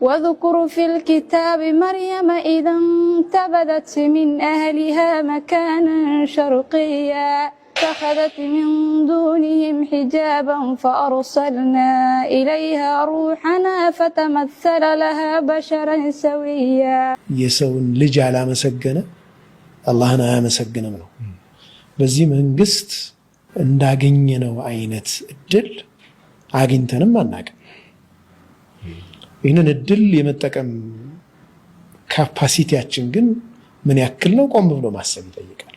واذكر في الكتاب مريم إذا انتبذت من أهلها مكانا شرقيا اتخذت من دونهم حجابا فأرسلنا إليها روحنا فتمثل لها بشرا سويا يسون لج على مسجنة الله أنا مسجنة منه በዚህ መንግስት وعينت الدل እድል ما አናውቅም ይህንን እድል የመጠቀም ካፓሲቲያችን ግን ምን ያክል ነው? ቆም ብሎ ማሰብ ይጠይቃል።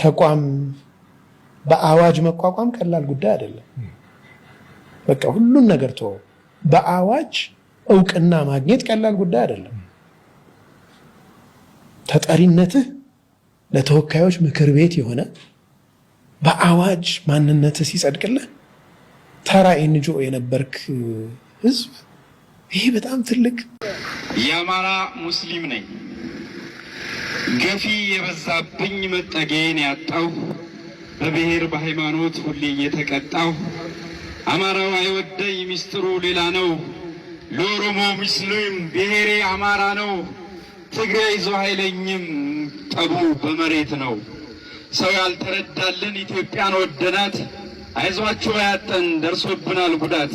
ተቋም በአዋጅ መቋቋም ቀላል ጉዳይ አይደለም። በቃ ሁሉን ነገር ቶ በአዋጅ እውቅና ማግኘት ቀላል ጉዳይ አይደለም። ተጠሪነትህ ለተወካዮች ምክር ቤት የሆነ በአዋጅ ማንነትህ ሲጸድቅልህ ተራ ኤንጂኦ የነበርክ ህዝብ ይሄ በጣም ትልቅ የአማራ ሙስሊም ነኝ ገፊ የበዛብኝ መጠጌን ያጣሁ በብሔር በሃይማኖት ሁሌ እየተቀጣሁ አማራው አይወደኝ ሚስጥሩ ሌላ ነው። ለኦሮሞ ሙስሊም ብሔሬ አማራ ነው። ትግሬ ይዞ አይለኝም ጠቡ በመሬት ነው። ሰው ያልተረዳልን ኢትዮጵያን ወደናት። አይዟቸው አያጠን ደርሶብናል ጉዳት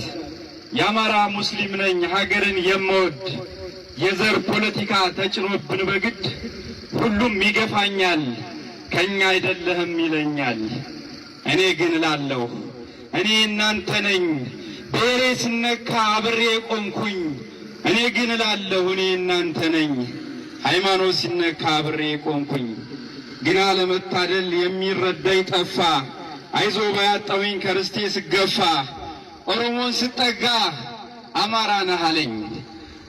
የአማራ ሙስሊም ነኝ ሀገርን የምወድ የዘር ፖለቲካ ተጭኖብን በግድ ሁሉም ይገፋኛል ከኛ አይደለህም ይለኛል። እኔ ግን እላለሁ እኔ እናንተ ነኝ ብሔሬ ስነካ አብሬ ቆምኩኝ። እኔ ግን እላለሁ እኔ እናንተ ነኝ ሃይማኖት ሲነካ አብሬ ቆምኩኝ። ግና ለመታደል የሚረዳኝ ጠፋ። አይዞ ባያጣውኝ ከርስቴ ስገፋ ኦሮሞን ስጠጋ አማራ ነህ አለኝ፣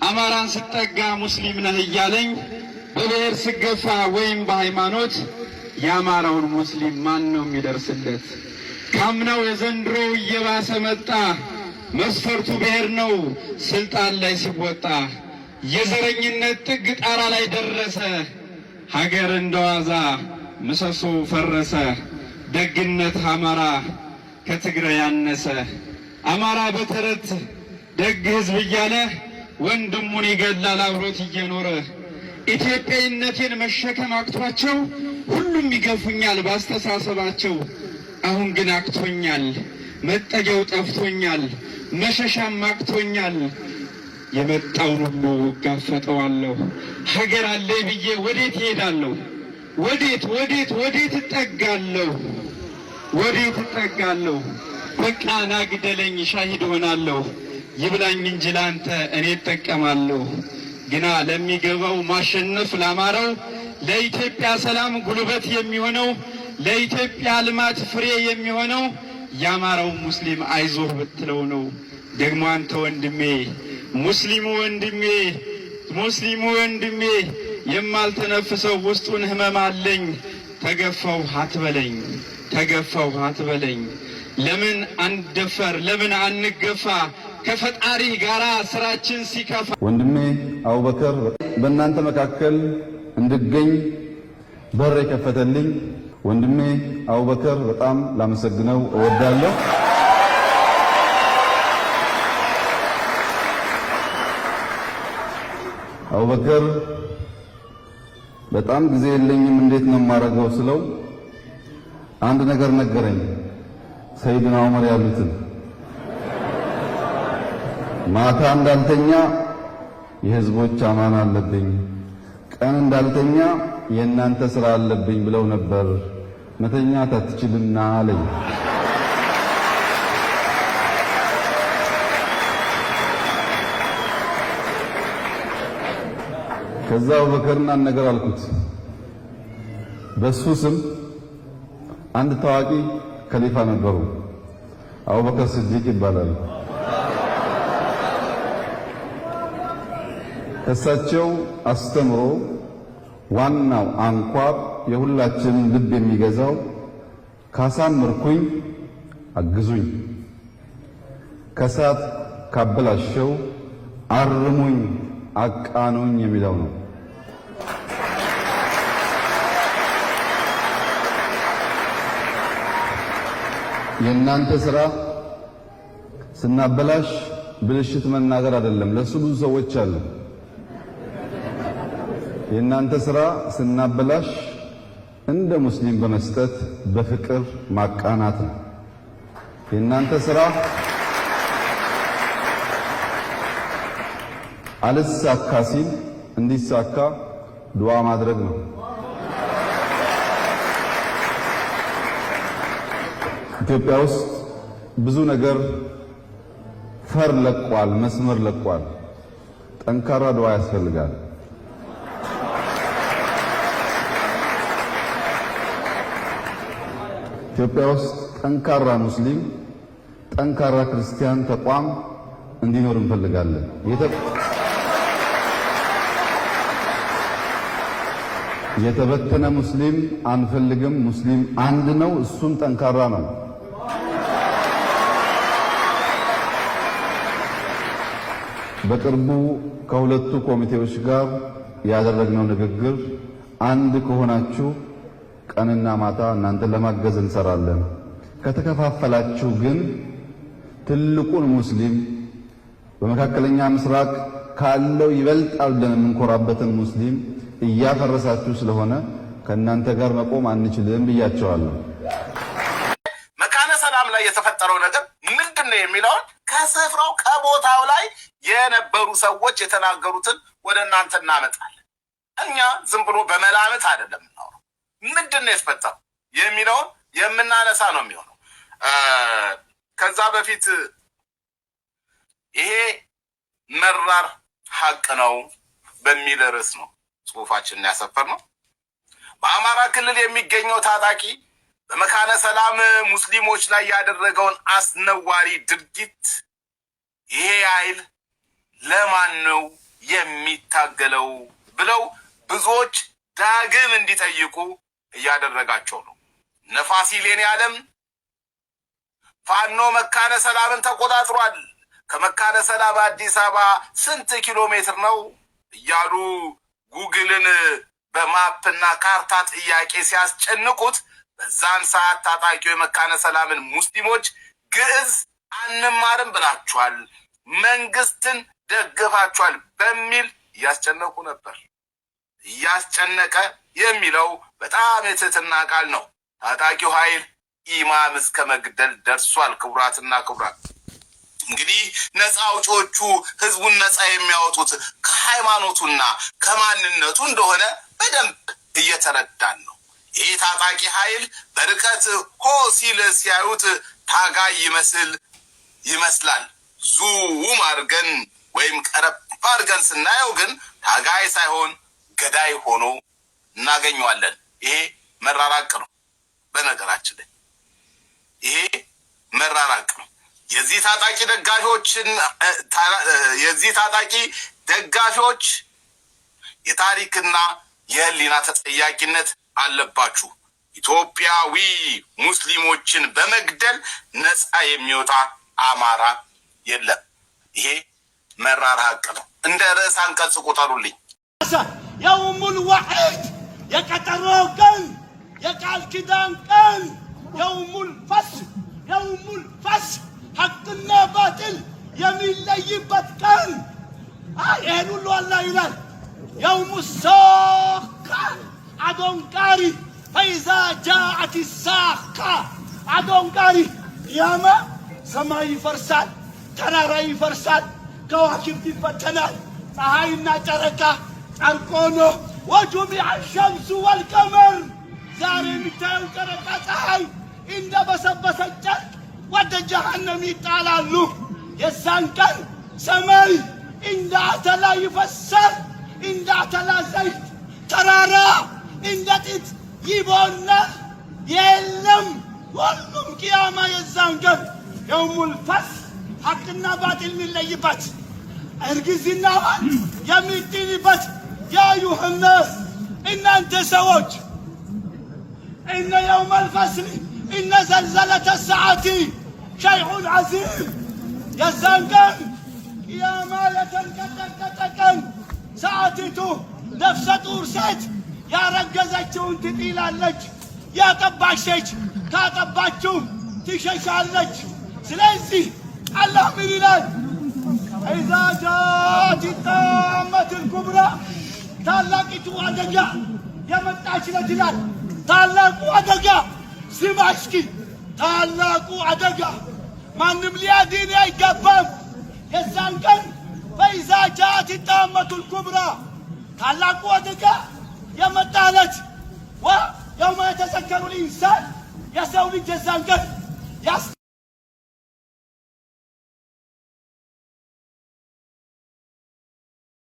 አማራን ስጠጋ ሙስሊም ነህ እያለኝ በብሔር ስገፋ ወይም በሃይማኖት የአማራውን ሙስሊም ማን ነው የሚደርስለት? ካምናው የዘንድሮው እየባሰ መጣ። መስፈርቱ ብሔር ነው ስልጣን ላይ ሲወጣ። የዘረኝነት ጥግ ጣራ ላይ ደረሰ። ሀገር እንደዋዛ ምሰሶ ፈረሰ። ደግነት አማራ ከትግራይ ያነሰ አማራ በተረት ደግ ህዝብ እያለ ወንድሙን ይገላል አብሮት እየኖረ ኢትዮጵያዊነቴን መሸከም አቅቷቸው ሁሉም ይገፉኛል ባስተሳሰባቸው። አሁን ግን አቅቶኛል፣ መጠጊያው ጠፍቶኛል፣ መሸሻም አቅቶኛል። የመጣውን ሁሉ እጋፈጠዋለሁ። ሀገር አለ ብዬ ወዴት እሄዳለሁ? ወዴት ወዴት ወዴት እጠጋለሁ? ወዴት እጠጋለሁ? በቃ ና ግደለኝ፣ ሻሂድ ሆናለሁ። ይብላኝ እንጂ ላንተ እኔ እጠቀማለሁ። ግና ለሚገባው ማሸነፍ ላማረው፣ ለኢትዮጵያ ሰላም ጉልበት የሚሆነው፣ ለኢትዮጵያ ልማት ፍሬ የሚሆነው ያማረው ሙስሊም አይዞህ ብትለው ነው። ደግሞ አንተ ወንድሜ ሙስሊሙ ወንድሜ ሙስሊሙ ወንድሜ የማልተነፍሰው ውስጡን ህመም አለኝ። ተገፋው አትበለኝ፣ ተገፋው አትበለኝ። ለምን አንደፈር? ለምን አንገፋ? ከፈጣሪ ጋር ስራችን ሲከፋ ወንድሜ አቡበከር በእናንተ መካከል እንድገኝ በር የከፈተልኝ ወንድሜ አቡበከር በጣም ላመሰግነው እወዳለሁ። አቡበከር በጣም ጊዜ የለኝም እንዴት ነው የማደርገው ስለው አንድ ነገር ነገረኝ። ሰይድና ዑመር ያሉትን ማታ እንዳልተኛ የህዝቦች አማን አለብኝ፣ ቀን እንዳልተኛ የእናንተ ስራ አለብኝ ብለው ነበር። መተኛት አትችልና አለኝ። ከዛ አቡበከርና ነገር አልኩት። በሱ ስም አንድ ታዋቂ ከሊፋ ነበሩ። አቡበከር ስዲቅ ይባላል። ከእሳቸው አስተምሮ ዋናው አንኳር የሁላችንም ልብ የሚገዛው ካሳምርኩኝ አግዙኝ፣ ከሳት ካበላሸው አርሙኝ፣ አቃኑኝ የሚለው ነው። የእናንተ ስራ ስናበላሽ ብልሽት መናገር አይደለም። ለሱ ብዙ ሰዎች አሉ። የእናንተ ስራ ስናበላሽ እንደ ሙስሊም በመስጠት በፍቅር ማቃናት ነው። የእናንተ ስራ አልሳካ ሲል እንዲሳካ ዱዓ ማድረግ ነው። ኢትዮጵያ ውስጥ ብዙ ነገር ፈር ለቋል፣ መስመር ለቋል። ጠንካራ ድዋ ያስፈልጋል። ኢትዮጵያ ውስጥ ጠንካራ ሙስሊም፣ ጠንካራ ክርስቲያን ተቋም እንዲኖር እንፈልጋለን። የተበተነ ሙስሊም አንፈልግም። ሙስሊም አንድ ነው፣ እሱም ጠንካራ ነው። በቅርቡ ከሁለቱ ኮሚቴዎች ጋር ያደረግነው ንግግር አንድ ከሆናችሁ ቀንና ማታ እናንተን ለማገዝ እንሰራለን። ከተከፋፈላችሁ ግን ትልቁን ሙስሊም በመካከለኛ ምስራቅ ካለው ይበልጣል ብለን የምንኮራበትን ሙስሊም እያፈረሳችሁ ስለሆነ ከእናንተ ጋር መቆም አንችልም ብያቸዋለሁ። መካነ ሰላም ላይ የተፈጠረው ነገር ምንድን ነው የሚለውን ከስፍራው ከቦታው ላይ የነበሩ ሰዎች የተናገሩትን ወደ እናንተ እናመጣለን። እኛ ዝም ብሎ በመላምት አይደለም የምናወራው። ምንድን ነው የተፈጠረው የሚለውን የምናነሳ ነው የሚሆነው። ከዛ በፊት ይሄ መራር ሀቅ ነው በሚል ርዕስ ነው ጽሁፋችንን ያሰፈር ነው። በአማራ ክልል የሚገኘው ታጣቂ በመካነ ሰላም ሙስሊሞች ላይ ያደረገውን አስነዋሪ ድርጊት ይሄ ኃይል ለማን ነው የሚታገለው ብለው ብዙዎች ዳግም እንዲጠይቁ እያደረጋቸው ነው። እነ ያለም ፋኖ መካነ ሰላምን ተቆጣጥሯል፣ ከመካነ ሰላም አዲስ አበባ ስንት ኪሎ ሜትር ነው እያሉ ጉግልን በማፕና ካርታ ጥያቄ ሲያስጨንቁት በዛን ሰዓት ታጣቂው የመካነ ሰላምን ሙስሊሞች ግዕዝ አንማርም ብላችኋል፣ መንግስትን ደግፋችኋል በሚል እያስጨነቁ ነበር። እያስጨነቀ የሚለው በጣም የትህትና ቃል ነው። ታጣቂው ኃይል ኢማም እስከ መግደል ደርሷል። ክቡራትና ክቡራት እንግዲህ ነፃ አውጪዎቹ ህዝቡን ነፃ የሚያወጡት ከሃይማኖቱና ከማንነቱ እንደሆነ በደንብ እየተረዳን ነው። ይህ ታጣቂ ኃይል በርቀት ሆ ሲል ሲያዩት ታጋይ ይመስል ይመስላል። ዙም አድርገን ወይም ቀረብ አድርገን ስናየው ግን ታጋይ ሳይሆን ገዳይ ሆኖ እናገኘዋለን። ይሄ መራራቅ ነው። በነገራችን ላይ ይሄ መራራቅ ነው። የዚህ ታጣቂ ደጋፊዎችን የዚህ ታጣቂ ደጋፊዎች የታሪክና የሕሊና ተጠያቂነት አለባችሁ። ኢትዮጵያዊ ሙስሊሞችን በመግደል ነፃ የሚወጣ አማራ የለም። ይሄ መራር ሀቅ ነው። እንደ ርዕስ አንቀጽ ቁጠሩልኝ። የውሙል ዋሒድ የቀጠሮ ቀን፣ የቃል ኪዳን ቀን፣ የውሙል ፈስ የውሙል ፈስ ሀቅና ባጥል የሚለይበት ቀን። ይህን ሁሉ አላህ ይላል። የውሙ ሶካ አዶንቃሪ ፈይዛ ጃአት ሳካ አዶንቃሪ ያማ ሰማይ ይፈርሳል፣ ተራራ ይፈርሳል ከዋክብት ይፈተናል። ፀሐይና ጨረቃ ጨርቆ ነው። ወጁሚዐ ሸምሱ ወልቀመር ዛሬ የሚታየው ጨረቃ፣ ፀሐይ እንደ በሰበሰ ጨርቅ ወደ ጀሃነም ይጣላሉ። የዛን ቀን ሰማይ እንደ አተላ ይፈሳል፣ እንደ አተላ ዘይት ተራራ እንደ ጢት ይቦናል። የለም ሁሉም ቅያማ የዛን ቀን የውሙል ፈስ ሐቅና ባጢል የሚለይበት ارجزنا يا ميتيني بس يا ايها الناس ان انت سواج ان يوم الفصل ان زلزله الساعه شيء عظيم يا زنكن يا مالة مالك كتكتكن ساعتيتو نفس طورسيت يا رجزتو انت تيلالك يا طباشيت كطباچو تشيشالك سلازي الله من الان إذا جاءت الطامة الكبرى تلقيت وادجا يا متاش لجلال تلقى وادجا سيماشكي تلقى وادجا ما نملي دين يا جبام يا سانكن فإذا جاءت الطامة الكبرى تلقى وادجا يا متالج ويوم يتذكر الإنسان يا سوي جزانك يا